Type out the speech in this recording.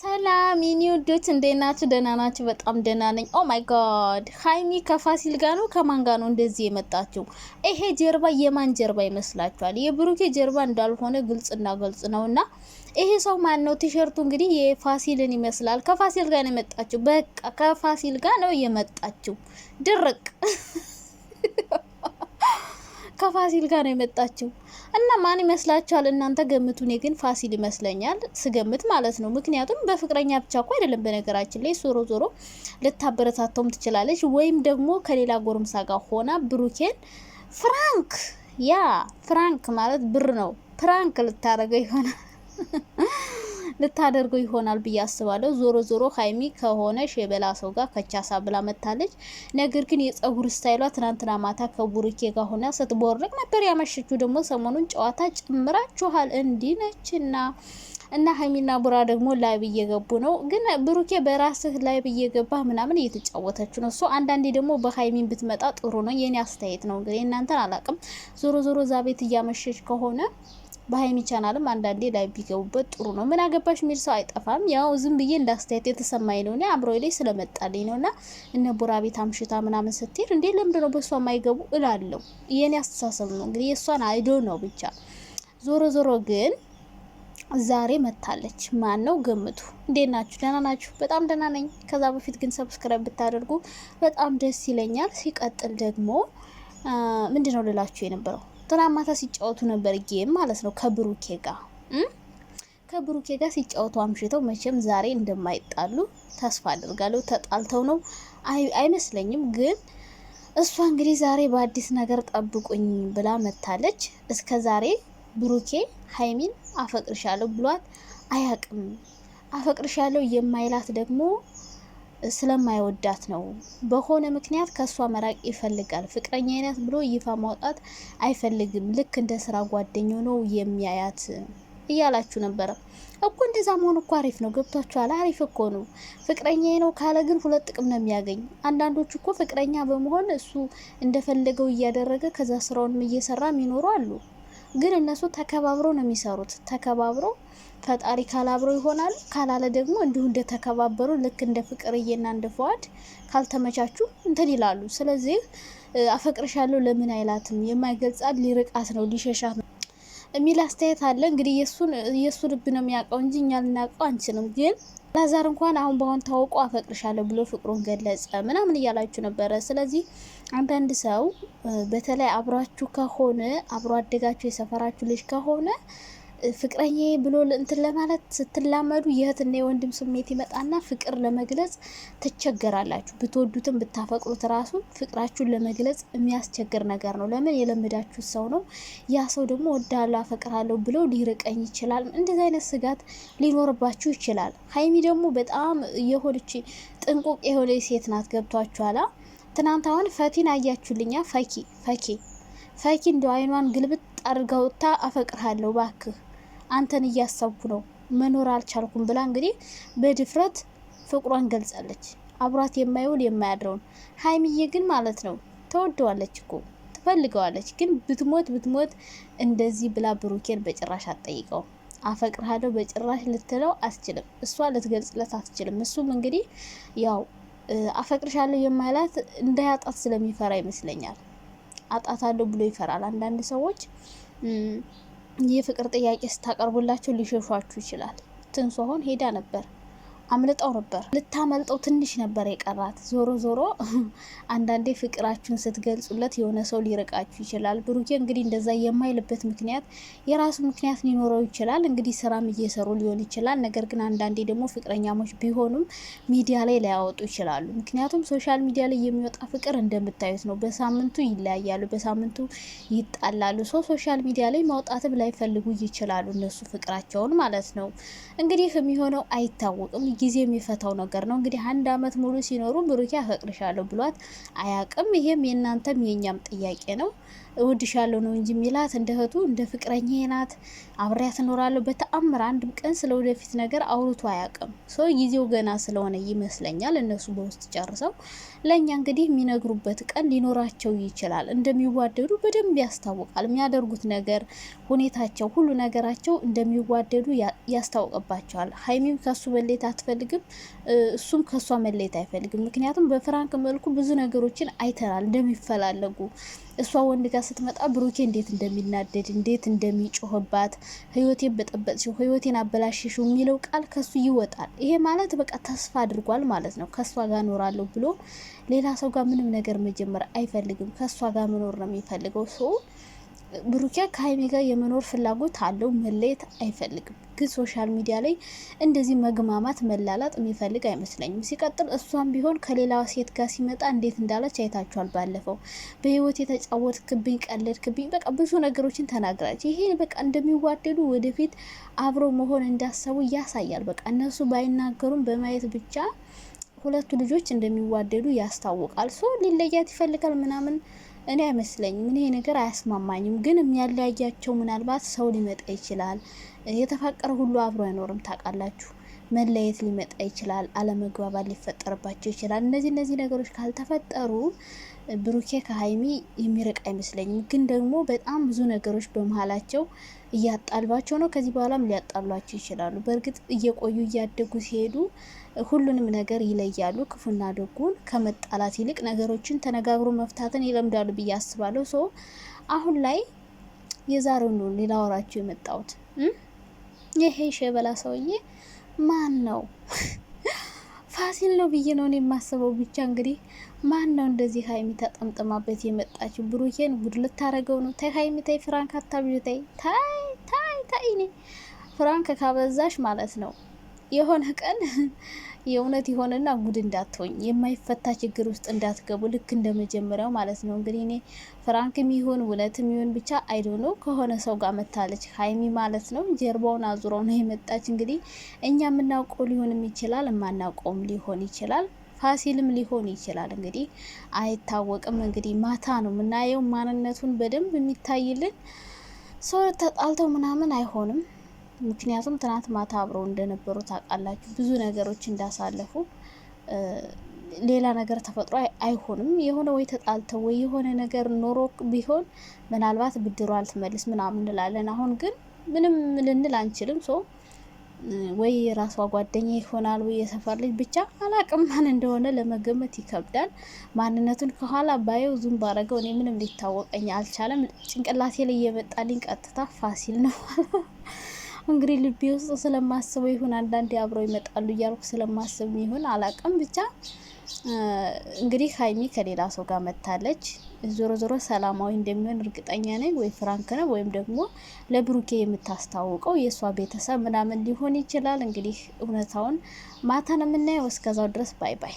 ሰላም የኔ ወዶች እንዴት ናችሁ? ደህና ናችሁ? በጣም ደህና ነኝ። ኦ ማይ ጋድ ሀይሚ ከፋሲል ጋር ነው ከማን ጋር ነው እንደዚህ የመጣችው? ይሄ ጀርባ የማን ጀርባ ይመስላችኋል? የብሩኬ ጀርባ እንዳልሆነ ግልጽና ግልጽ ነውና ይሄ ሰው ማን ነው? ቲሸርቱ እንግዲህ የፋሲልን ይመስላል። ከፋሲል ጋር ነው የመጣችው። በቃ ከፋሲል ጋር ነው የመጣችው ድርቅ ከፋሲል ጋር ነው የመጣችው እና ማን ይመስላችኋል እናንተ ገምቱ። እኔ ግን ፋሲል ይመስለኛል ስገምት ማለት ነው። ምክንያቱም በፍቅረኛ ብቻ እኮ አይደለም። በነገራችን ላይ ዞሮ ዞሮ ልታበረታተውም ትችላለች፣ ወይም ደግሞ ከሌላ ጎርምሳ ጋር ሆና ብሩኬን ፍራንክ ያ ፍራንክ ማለት ብር ነው። ፕራንክ ልታደርገው ይሆናል ልታደርገው ይሆናል ብዬ አስባለሁ። ዞሮ ዞሮ ሀይሚ ከሆነ ሸበላ ሰው ጋር ከቻሳ ብላ መታለች። ነገር ግን የጸጉር ስታይሏ ትናንትና ማታ ከቡርኬ ጋር ሆና ስትቦርቅ ነበር ያመሸችው። ደግሞ ሰሞኑን ጨዋታ ጨምራችኋል እንዲህ እና ሀይሚና ቡራ ደግሞ ላይብ እየገቡ ነው። ግን ብሩኬ በራስህ ላይብ እየገባ ምናምን እየተጫወተች ነው። እሱ አንዳንዴ ደግሞ በሀይሚን ብትመጣ ጥሩ ነው። የኔ አስተያየት ነው። እንግዲህ እናንተን አላቅም። ዞሮ ዞሮ ዛ ቤት እያመሸች ከሆነ በሀይሚ ቻናልም አንዳንዴ ላይ ቢገቡበት ጥሩ ነው። ምን አገባሽ የሚል ሰው አይጠፋም። ያው ዝም ብዬ እንዳስተያየት የተሰማኝ ነው። እኔ አምሮ ላይ ስለመጣልኝ ነው። እና እነ ቡራ ቤት አምሽታ ምናምን ስትሄድ እንዴ ለምንድን ነው በእሷ የማይገቡ እላለሁ። የእኔ አስተሳሰብ ነው እንግዲህ የእሷን አይዶ ነው ብቻ። ዞሮ ዞሮ ግን ዛሬ መታለች። ማን ነው ገምቱ። እንዴት ናችሁ? ደህና ናችሁ? በጣም ደህና ነኝ። ከዛ በፊት ግን ሰብስክራይብ ብታደርጉ በጣም ደስ ይለኛል። ሲቀጥል ደግሞ ምንድን ነው ልላችሁ የነበረው ትናንት ማታ ሲጫወቱ ነበር ጌም ማለት ነው ከብሩኬ ጋር ከብሩኬ ጋር ሲጫወቱ አምሽተው መቼም ዛሬ እንደማይጣሉ ተስፋ አድርጋለሁ። ተጣልተው ነው አይመስለኝም። ግን እሷ እንግዲህ ዛሬ በአዲስ ነገር ጠብቁኝ ብላ መታለች። እስከ ዛሬ ብሩኬ ሀይሚን አፈቅርሻለሁ ብሏት አያቅም። አፈቅርሻለሁ የማይላት ደግሞ ስለማይወዳት ነው። በሆነ ምክንያት ከእሷ መራቅ ይፈልጋል። ፍቅረኛ አይነት ብሎ ይፋ ማውጣት አይፈልግም። ልክ እንደ ስራ ጓደኛው ነው የሚያያት እያላችሁ ነበረ እኮ። እንደዛ መሆን እኮ አሪፍ ነው። ገብቷችኋል? አሪፍ እኮ ነው። ፍቅረኛ ነው ካለ ግን ሁለት ጥቅም ነው የሚያገኝ። አንዳንዶች እኮ ፍቅረኛ በመሆን እሱ እንደፈለገው እያደረገ ከዛ ስራውንም እየሰራ የሚኖሩ አሉ። ግን እነሱ ተከባብሮ ነው የሚሰሩት። ተከባብሮ ፈጣሪ ካላብሮ ይሆናሉ ካላለ ደግሞ እንዲሁ እንደተከባበሩ ልክ እንደ ፍቅርዬና እንደ ፈዋድ ካልተመቻቹ እንትን ይላሉ። ስለዚህ አፈቅርሻለሁ ለምን አይላትም? የማይገልጻት ሊርቃት ነው ሊሸሻት ነው የሚል አስተያየት አለ። እንግዲህ የእሱ ልብ ነው የሚያውቀው እንጂ እኛ ልናውቀው አንችልም። ግን ላዛር እንኳን አሁን በአሁን ታውቆ አፈቅርሻለሁ ብሎ ፍቅሩን ገለጸ ምናምን እያላችሁ ነበረ። ስለዚህ አንዳንድ ሰው በተለይ አብራችሁ ከሆነ አብሮ አደጋችሁ የሰፈራችሁ ልጅ ከሆነ ፍቅረኛ ብሎ እንትን ለማለት ስትላመዱ የእህትና የወንድም ስሜት ይመጣና ፍቅር ለመግለጽ ትቸገራላችሁ። ብትወዱትም ብታፈቅሩት ራሱ ፍቅራችሁን ለመግለጽ የሚያስቸግር ነገር ነው። ለምን የለመዳችሁ ሰው ነው። ያ ሰው ደግሞ ወዳለሁ አፈቅራለሁ ብሎ ሊርቀኝ ይችላል። እንደዚህ አይነት ስጋት ሊኖርባችሁ ይችላል። ሀይሚ ደግሞ በጣም የሆነች ጥንቁቅ የሆነ ሴት ናት። ገብቷችኋላ? ትናንት አሁን ፈቲን አያችሁልኛ? ፈኪ ፈኪ ፈኪ እንደ አይኗን ግልብጥ አድርጋ አፈቅርሃለሁ ባክህ አንተን እያሰብኩ ነው መኖር አልቻልኩም ብላ እንግዲህ በድፍረት ፍቅሯን ገልጻለች። አብሯት የማይውል የማያድረውን ሀይሚዬ ግን ማለት ነው ተወደዋለች እኮ ትፈልገዋለች። ግን ብትሞት ብትሞት እንደዚህ ብላ ብሩኬን በጭራሽ አትጠይቀውም። አፈቅርሃለሁ በጭራሽ ልትለው አትችልም። እሷ ልትገልጽለት አትችልም። እሱም እንግዲህ ያው አፈቅርሻለሁ የማይላት እንዳያጣት ስለሚፈራ ይመስለኛል። አጣታለሁ ብሎ ይፈራል። አንዳንድ ሰዎች ይህ የፍቅር ጥያቄ ስታቀርቡላቸው ሊሸሿችሁ ይችላል። ትንሷ ሄዳ ነበር አምልጠው ነበር። ልታመልጠው ትንሽ ነበር የቀራት። ዞሮ ዞሮ አንዳንዴ ፍቅራችሁን ስትገልጹለት የሆነ ሰው ሊርቃችሁ ይችላል። ብሩኬ እንግዲህ እንደዛ የማይልበት ምክንያት የራሱ ምክንያት ሊኖረው ይችላል። እንግዲህ ስራም እየሰሩ ሊሆን ይችላል። ነገር ግን አንዳንዴ ደግሞ ፍቅረኛሞች ቢሆኑም ሚዲያ ላይ ላያወጡ ይችላሉ። ምክንያቱም ሶሻል ሚዲያ ላይ የሚወጣ ፍቅር እንደምታዩት ነው። በሳምንቱ ይለያያሉ፣ በሳምንቱ ይጣላሉ። ሰው ሶሻል ሚዲያ ላይ ማውጣትም ላይፈልጉ ይችላሉ። እነሱ ፍቅራቸውን ማለት ነው። እንግዲህ የሚሆነው አይታወቅም። ጊዜ የሚፈታው ነገር ነው። እንግዲህ አንድ አመት ሙሉ ሲኖሩ ብሩኬ አፈቅርሻለሁ ብሏት አያቅም። ይሄም የእናንተም የእኛም ጥያቄ ነው። እወድሻለሁ ነው እንጂ ሚላት እንደ እህቱ እንደ ፍቅረኛ ናት፣ አብሬያት እኖራለሁ። በተአምር አንድም ቀን ስለ ወደፊት ነገር አውርቶ አያቅም። ሶ ጊዜው ገና ስለሆነ ይመስለኛል እነሱ በውስጥ ጨርሰው ለእኛ እንግዲህ የሚነግሩበት ቀን ሊኖራቸው ይችላል። እንደሚዋደዱ በደንብ ያስታውቃል። የሚያደርጉት ነገር፣ ሁኔታቸው፣ ሁሉ ነገራቸው እንደሚዋደዱ ያስታውቅባቸዋል። ሀይሚም ከሱ በሌታ አያስፈልግም። እሱም ከእሷ መለየት አይፈልግም። ምክንያቱም በፍራንክ መልኩ ብዙ ነገሮችን አይተናል እንደሚፈላለጉ እሷ ወንድ ጋር ስትመጣ ብሩኬ እንዴት እንደሚናደድ እንዴት እንደሚጮህባት ህይወቴን በጠበጥሽው ህይወቴን አበላሽሽው የሚለው ቃል ከሱ ይወጣል። ይሄ ማለት በቃ ተስፋ አድርጓል ማለት ነው። ከእሷ ጋር እኖራለሁ ብሎ ሌላ ሰው ጋር ምንም ነገር መጀመር አይፈልግም። ከእሷ ጋር መኖር ነው የሚፈልገው ሰው ብሩኪያ ከሀይሜ ጋር የመኖር ፍላጎት አለው፣ መለየት አይፈልግም። ግን ሶሻል ሚዲያ ላይ እንደዚህ መግማማት፣ መላላጥ የሚፈልግ አይመስለኝም። ሲቀጥል እሷም ቢሆን ከሌላ ሴት ጋር ሲመጣ እንዴት እንዳለች አይታችኋል። ባለፈው በህይወት ክብኝ ቀለድ ክብኝ በቃ ብዙ ነገሮችን ተናግራች። ይሄ በቃ እንደሚዋደዱ ወደፊት አብረው መሆን እንዳሰቡ ያሳያል። በቃ እነሱ ባይናገሩም በማየት ብቻ ሁለቱ ልጆች እንደሚዋደዱ ያስታውቃል። ሶ ሊለያት ይፈልጋል ምናምን እኔ አይመስለኝም። ይሄ ነገር አያስማማኝም። ግን የሚያለያያቸው ምናልባት ሰው ሊመጣ ይችላል። የተፋቀረ ሁሉ አብሮ አይኖርም። ታውቃላችሁ፣ መለየት ሊመጣ ይችላል። አለመግባባት ሊፈጠርባቸው ይችላል። እነዚህ እነዚህ ነገሮች ካልተፈጠሩ ብሩኬ ከሀይሚ የሚርቅ አይመስለኝም። ግን ደግሞ በጣም ብዙ ነገሮች በመሀላቸው እያጣልባቸው ነው። ከዚህ በኋላም ሊያጣሏቸው ይችላሉ። በእርግጥ እየቆዩ እያደጉ ሲሄዱ ሁሉንም ነገር ይለያሉ። ክፉና ደጉን ከመጣላት ይልቅ ነገሮችን ተነጋግሮ መፍታትን ይለምዳሉ ብዬ አስባለሁ። ሶ አሁን ላይ የዛሬው ነው ሌላወራችሁ የመጣሁት ይሄ ሸበላ ሰውዬ ማን ነው? ፋሲል ነው ብዬ ነው የማስበው። ብቻ እንግዲህ ማን ነው እንደዚህ ሀይሚ ተጠምጥማበት የመጣች? ብሩኬን ጉድ ልታረገው ነው። ታይ ሀይሚ ታይ፣ ፍራንክ አታብዥ ታይ ታይ ታይ ታይ። ፍራንክ ካበዛሽ ማለት ነው የሆነ ቀን የእውነት የሆነና ጉድ እንዳትሆኝ የማይፈታ ችግር ውስጥ እንዳትገቡ ልክ እንደመጀመሪያው ማለት ነው። እንግዲህ እኔ ፍራንክም ይሁን እውነትም ይሁን ብቻ አይዶኖ ከሆነ ሰው ጋር መታለች ሀይሚ ማለት ነው። ጀርባውን አዙረው ነው የመጣች። እንግዲህ እኛ የምናውቀው ሊሆንም ይችላል፣ የማናውቀውም ሊሆን ይችላል፣ ፋሲልም ሊሆን ይችላል። እንግዲህ አይታወቅም። እንግዲህ ማታ ነው የምናየው ማንነቱን በደንብ የሚታይልን። ሰው ተጣልተው ምናምን አይሆንም ምክንያቱም ትናንት ማታ አብረው እንደነበሩ ታውቃላችሁ። ብዙ ነገሮች እንዳሳለፉ ሌላ ነገር ተፈጥሮ አይሆንም። የሆነ ወይ ተጣልተው ወይ የሆነ ነገር ኖሮ ቢሆን ምናልባት ብድሮ አልትመልስ ምናምን እንላለን። አሁን ግን ምንም ልንል አንችልም። ሶ ወይ የራሷ ጓደኛ ይሆናል ወይ የሰፈር ልጅ ብቻ አላቅም፣ ማን እንደሆነ ለመገመት ይከብዳል። ማንነቱን ከኋላ ባየው ዙም ባረገው እኔ ምንም ሊታወቀኝ አልቻለም። ጭንቅላቴ ላይ የመጣልኝ ቀጥታ ፋሲል ነው። እንግዲህ ልቤ ውስጥ ስለማስበው ይሁን አንዳንዴ አብረው ይመጣሉ እያልኩ ስለማስብ ይሁን አላቅም ብቻ እንግዲህ ሀይሚ ከሌላ ሰው ጋር መታለች። ዞሮ ዞሮ ሰላማዊ እንደሚሆን እርግጠኛ ነኝ። ወይ ፍራንክ ነው ወይም ደግሞ ለብሩኬ የምታስታውቀው የእሷ ቤተሰብ ምናምን ሊሆን ይችላል። እንግዲህ እውነታውን ማታ ነው የምናየው። እስከዛው ድረስ ባይ ባይ።